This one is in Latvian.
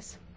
Paldies!